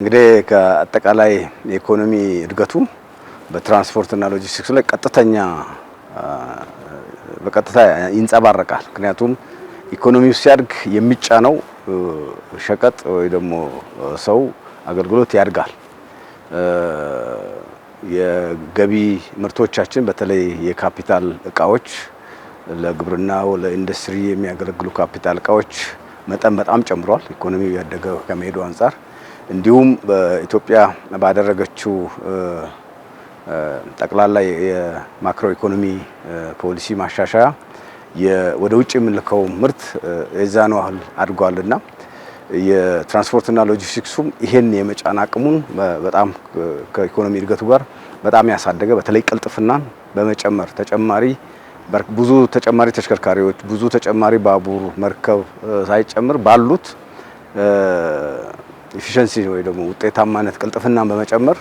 እንግዲህ ከአጠቃላይ የኢኮኖሚ እድገቱ በትራንስፖርትና ሎጂስቲክስ ላይ ቀጥተኛ በቀጥታ ይንጸባረቃል። ምክንያቱም ኢኮኖሚው ሲያድግ የሚጫነው ሸቀጥ ወይ ደግሞ ሰው አገልግሎት ያድጋል። የገቢ ምርቶቻችን በተለይ የካፒታል እቃዎች ለግብርናው፣ ለኢንዱስትሪ የሚያገለግሉ ካፒታል እቃዎች መጠን በጣም ጨምሯል። ኢኮኖሚው ያደገ ከመሄዱ አንጻር እንዲሁም በኢትዮጵያ ባደረገችው ጠቅላላ የማክሮ ኢኮኖሚ ፖሊሲ ማሻሻያ ወደ ውጭ የምንልከው ምርት የዛኑ ያህል አድጓልና የትራንስፖርትና ሎጂስቲክሱም ይሄን የመጫን አቅሙን በጣም ከኢኮኖሚ እድገቱ ጋር በጣም ያሳደገ በተለይ ቅልጥፍናን በመጨመር ተጨማሪ ብዙ ተጨማሪ ተሽከርካሪዎች ብዙ ተጨማሪ ባቡር፣ መርከብ ሳይጨምር ባሉት ኢፊሸንሲ ወይ ደግሞ ውጤታማነት ቅልጥፍናን በመጨመር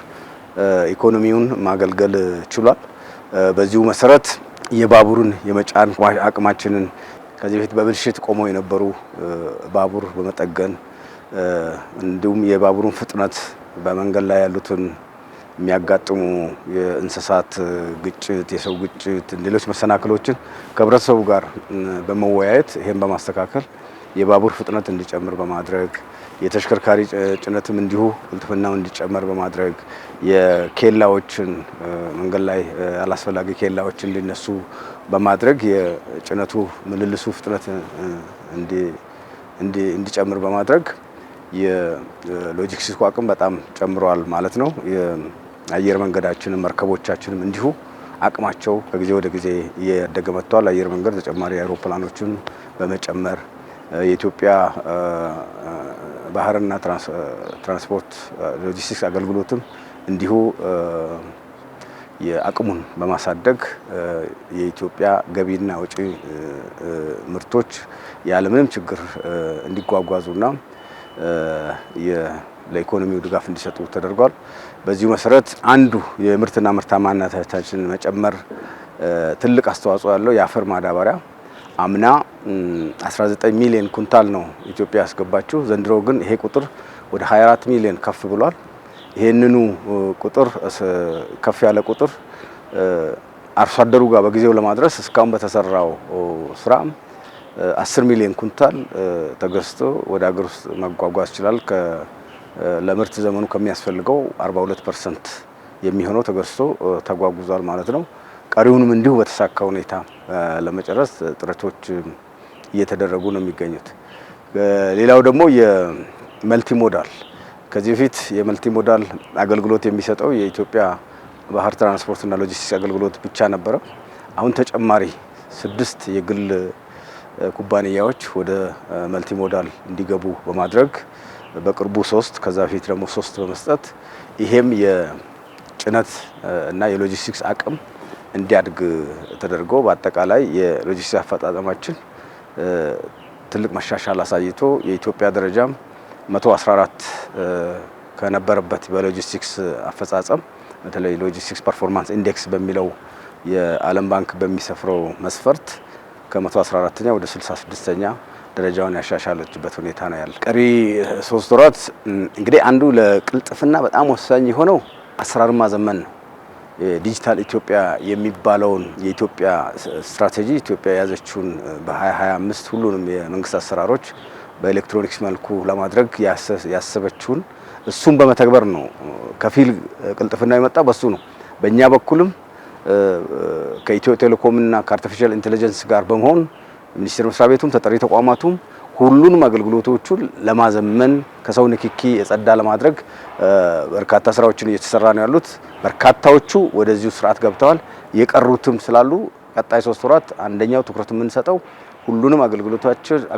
ኢኮኖሚውን ማገልገል ችሏል። በዚሁ መሰረት የባቡርን የመጫን አቅማችንን ከዚህ በፊት በብልሽት ቆመው የነበሩ ባቡር በመጠገን እንዲሁም የባቡሩን ፍጥነት በመንገድ ላይ ያሉትን የሚያጋጥሙ የእንስሳት ግጭት፣ የሰው ግጭት፣ ሌሎች መሰናክሎችን ከህብረተሰቡ ጋር በመወያየት ይህን በማስተካከል የባቡር ፍጥነት እንዲጨምር በማድረግ የተሽከርካሪ ጭነትም እንዲሁ ቅልጥፍናው እንዲጨመር በማድረግ የኬላዎችን መንገድ ላይ አላስፈላጊ ኬላዎች እንዲነሱ በማድረግ የጭነቱ ምልልሱ ፍጥነት እንዲጨምር በማድረግ የሎጂስቲክሱ አቅም በጣም ጨምሯል ማለት ነው። የአየር መንገዳችንም መርከቦቻችንም እንዲሁ አቅማቸው ከጊዜ ወደ ጊዜ እያደገ መጥቷል። አየር መንገድ ተጨማሪ አውሮፕላኖችን በመጨመር የኢትዮጵያ ባህርና ትራንስፖርት ሎጂስቲክስ አገልግሎትም እንዲሁ የአቅሙን በማሳደግ የኢትዮጵያ ገቢና ወጪ ምርቶች ያለምንም ችግር እንዲጓጓዙና ለኢኮኖሚው ድጋፍ እንዲሰጡ ተደርጓል። በዚሁ መሰረት አንዱ የምርትና ምርታማነታችንን መጨመር ትልቅ አስተዋጽኦ ያለው የአፈር ማዳበሪያ አምና 19 ሚሊዮን ኩንታል ነው ኢትዮጵያ ያስገባችው። ዘንድሮ ግን ይሄ ቁጥር ወደ 24 ሚሊዮን ከፍ ብሏል። ይህንኑ ቁጥር ከፍ ያለ ቁጥር አርሶ አደሩ ጋር በጊዜው ለማድረስ እስካሁን በተሰራው ስራም 10 ሚሊዮን ኩንታል ተገዝቶ ወደ ሀገር ውስጥ መጓጓዝ ይችላል። ለምርት ዘመኑ ከሚያስፈልገው 42 ፐርሰንት የሚሆነው ተገዝቶ ተጓጉዟል ማለት ነው። ቀሪውንም እንዲሁ በተሳካ ሁኔታ ለመጨረስ ጥረቶች እየተደረጉ ነው የሚገኙት። ሌላው ደግሞ የመልቲ ሞዳል ከዚህ በፊት የመልቲ ሞዳል አገልግሎት የሚሰጠው የኢትዮጵያ ባህር ትራንስፖርትና ሎጂስቲክስ አገልግሎት ብቻ ነበረ። አሁን ተጨማሪ ስድስት የግል ኩባንያዎች ወደ መልቲሞዳል እንዲገቡ በማድረግ በቅርቡ ሶስት ከዛ በፊት ደግሞ ሶስት በመስጠት ይሄም የጭነት እና የሎጂስቲክስ አቅም እንዲያድግ ተደርጎ በአጠቃላይ የሎጂስቲክስ አፈጣጠማችን ትልቅ መሻሻል አሳይቶ የኢትዮጵያ ደረጃም 114 ከነበረበት በሎጂስቲክስ አፈጻጸም በተለይ ሎጂስቲክስ ፐርፎርማንስ ኢንዴክስ በሚለው የዓለም ባንክ በሚሰፍረው መስፈርት ከ114ኛ ወደ 66ኛ ደረጃውን ያሻሻለችበት ሁኔታ ነው ያለ። ቀሪ ሶስት ወራት እንግዲህ አንዱ ለቅልጥፍና በጣም ወሳኝ የሆነው አሰራር ማዘመን ነው። ዲጂታል ኢትዮጵያ የሚባለውን የኢትዮጵያ ስትራቴጂ ኢትዮጵያ የያዘችውን በ2025 ሁሉንም የመንግስት አሰራሮች በኤሌክትሮኒክስ መልኩ ለማድረግ ያሰበችውን እሱን በመተግበር ነው። ከፊል ቅልጥፍና የመጣ በሱ ነው። በእኛ በኩልም ከኢትዮ ቴሌኮምና ከአርቲፊሻል ኢንቴሊጀንስ ጋር በመሆን ሚኒስቴር መስሪያ ቤቱም ተጠሪ ተቋማቱም ሁሉንም አገልግሎቶቹን ለማዘመን ከሰው ንክኪ የጸዳ ለማድረግ በርካታ ስራዎችን እየተሰራ ነው ያሉት። በርካታዎቹ ወደዚሁ ስርዓት ገብተዋል። የቀሩትም ስላሉ ቀጣይ ሶስት ወራት አንደኛው ትኩረት የምንሰጠው ሁሉንም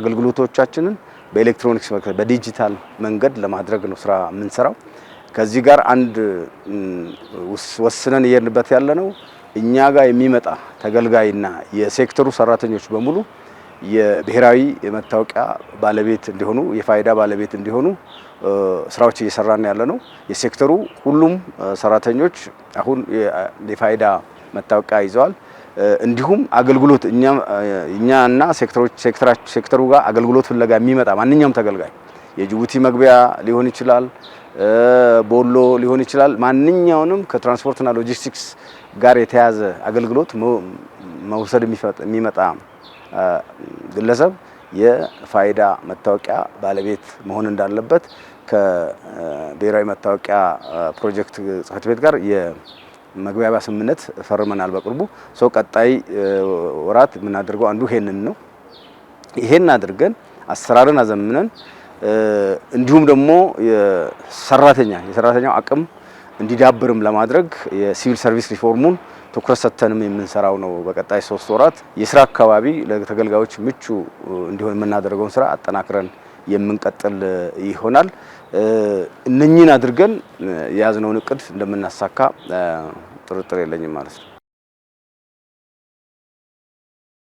አገልግሎቶቻችንን በኤሌክትሮኒክስ በዲጂታል መንገድ ለማድረግ ነው ስራ የምንሰራው። ከዚህ ጋር አንድ ወስነን እየሄድንበት ያለ ነው። እኛ ጋር የሚመጣ ተገልጋይና የሴክተሩ ሰራተኞች በሙሉ የብሔራዊ መታወቂያ ባለቤት እንዲሆኑ የፋይዳ ባለቤት እንዲሆኑ ስራዎች እየሰራን ያለ ነው። የሴክተሩ ሁሉም ሰራተኞች አሁን የፋይዳ መታወቂያ ይዘዋል። እንዲሁም አገልግሎት እኛ እና ሴክተሩ ጋር አገልግሎት ፍለጋ የሚመጣ ማንኛውም ተገልጋይ የጅቡቲ መግቢያ ሊሆን ይችላል፣ ቦሎ ሊሆን ይችላል። ማንኛውንም ከትራንስፖርትና ሎጂስቲክስ ጋር የተያዘ አገልግሎት መውሰድ የሚመጣ ግለሰብ የፋይዳ መታወቂያ ባለቤት መሆን እንዳለበት ከብሔራዊ መታወቂያ ፕሮጀክት ጽሕፈት ቤት ጋር የመግባቢያ ስምምነት ፈርመናል በቅርቡ። ሰው ቀጣይ ወራት የምናደርገው አንዱ ይሄንን ነው። ይሄን አድርገን አሰራርን አዘምነን እንዲሁም ደግሞ የሰራተኛ የሰራተኛው አቅም እንዲዳብርም ለማድረግ የሲቪል ሰርቪስ ሪፎርሙን ትኩረት ሰጥተንም የምንሰራው ነው። በቀጣይ ሶስት ወራት የስራ አካባቢ ለተገልጋዮች ምቹ እንዲሆን የምናደርገውን ስራ አጠናክረን የምንቀጥል ይሆናል። እነኚህን አድርገን የያዝነውን እቅድ እንደምናሳካ ጥርጥር የለኝም ማለት ነው።